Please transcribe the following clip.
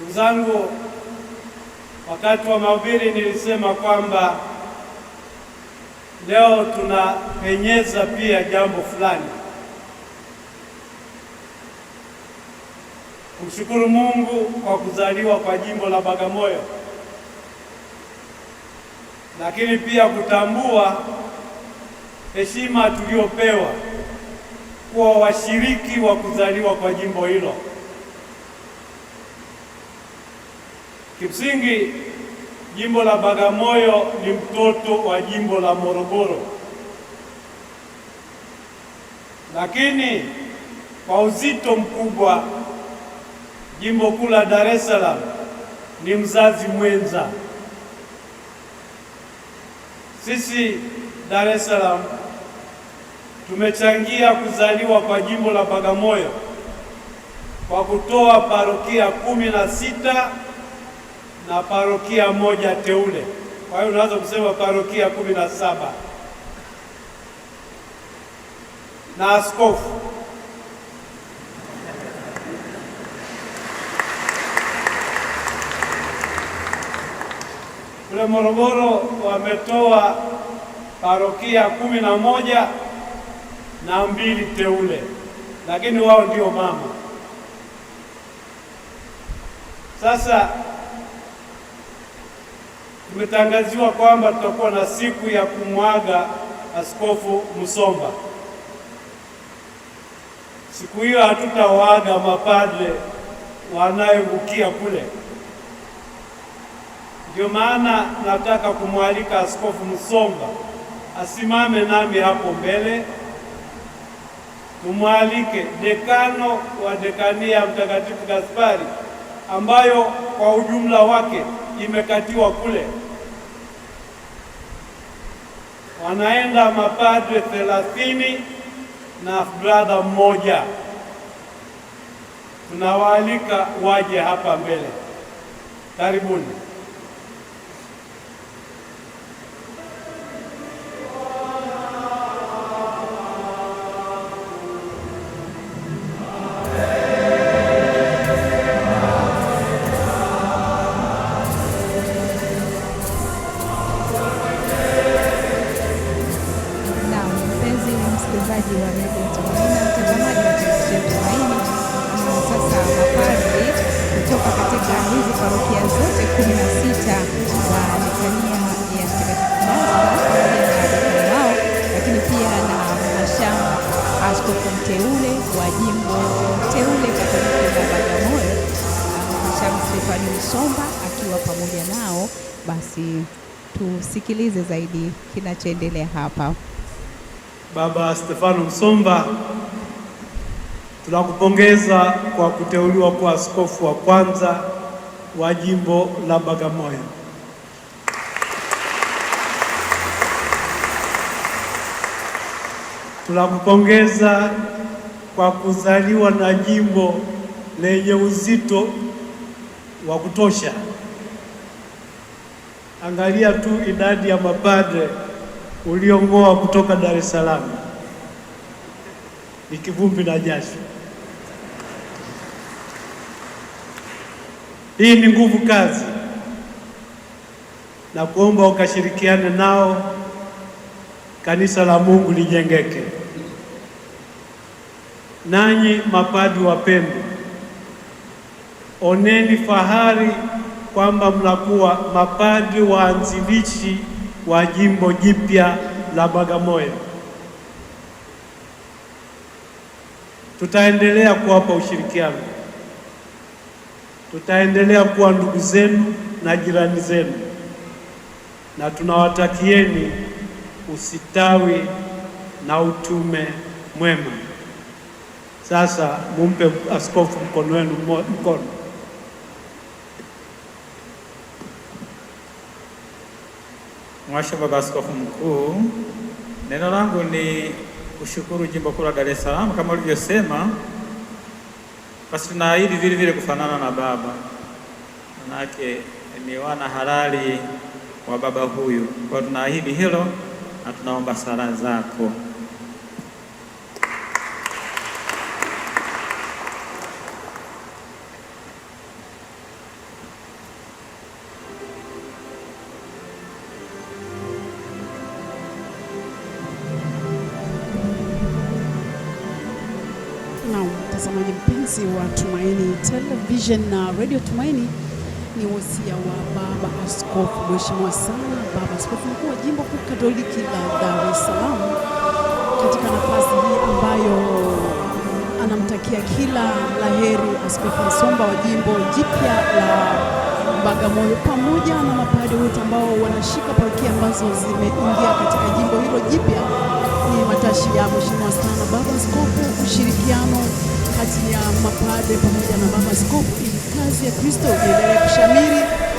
Ndugu zangu, wakati wa mahubiri nilisema kwamba leo tunapenyeza pia jambo fulani, kumshukuru Mungu kwa kuzaliwa kwa jimbo la Bagamoyo, lakini pia kutambua heshima tuliyopewa kuwa washiriki wa kuzaliwa kwa jimbo hilo. Kimsingi jimbo la Bagamoyo ni mtoto wa jimbo la Morogoro, lakini kwa uzito mkubwa jimbo kuu la Dar es Salaam ni mzazi mwenza. Sisi Dar es Salaam tumechangia kuzaliwa kwa jimbo la Bagamoyo kwa kutoa parokia kumi na sita na parokia moja teule. Kwa hiyo unaweza kusema parokia kumi na saba na askofu kule Morogoro wametoa parokia kumi na moja na mbili teule, lakini wao ndio mama sasa tumetangaziwa kwamba tutakuwa na siku ya kumwaga Askofu Musomba. Siku hiyo hatutawaga mapadre wanayogukia kule. Ndio maana nataka kumwalika Askofu Musomba asimame nami hapo mbele, tumwalike dekano wa dekania Mtakatifu Gaspari ambayo kwa ujumla wake imekatiwa kule, wanaenda mapadre thelathini na brother mmoja. Tunawaalika waje hapa mbele, karibuni. pia na mhashamu askofu mteule wa jimbo teule katoliki la Bagamoyo, mhashamu Stefani Msomba akiwa pamoja nao. Basi tusikilize zaidi kinachoendelea hapa. Baba Stefano Msomba, tunakupongeza kwa kuteuliwa kuwa askofu wa kwanza wa jimbo la Bagamoyo. tunakupongeza kwa kuzaliwa na jimbo lenye uzito wa kutosha. Angalia tu idadi ya mapadre uliong'oa kutoka Dar es Salaam ni kivumbi na jasho. Hii ni nguvu kazi, na kuomba ukashirikiane nao, kanisa la Mungu lijengeke. Nanyi mapadi wa oneni fahari kwamba mnakuwa mapadi waanzilishi wa jimbo jipya la Bagamoyo. Tutaendelea kuwapa ushirikiano, tutaendelea kuwa ndugu zenu na jirani zenu, na tunawatakieni usitawi na utume mwema. Sasa mumpe askofu mkono wenu mkono. Mwasha Baba Askofu Mkuu, neno langu ni kushukuru jimbo kuu la Dar es Salaam kama ulivyosema. Basi tunaahidi vile vile kufanana na baba, manake ni wana halali wa baba huyu, kwa tunaahidi hilo na tunaomba sala zako. Mtazamaji mpenzi wa Tumaini Television na Radio Tumaini, ni wasia wa Baba Askofu, mheshimiwa sana Baba Askofu mkuu wa Jimbo Kuu Katoliki la Dar es Salaam, katika nafasi hii ambayo anamtakia kila laheri Askofu Msomba wa Jimbo Jipya la Bagamoyo pamoja na mapadri wote ambao wanashika parokia ambazo zimeingia katika jimbo hilo jipya. Ni matashi ya mheshimiwa sana Baba Askofu, ushirikiano kati ya mapadre pamoja na mama askofu, ili kazi ya Kristo iendelee kushamiri.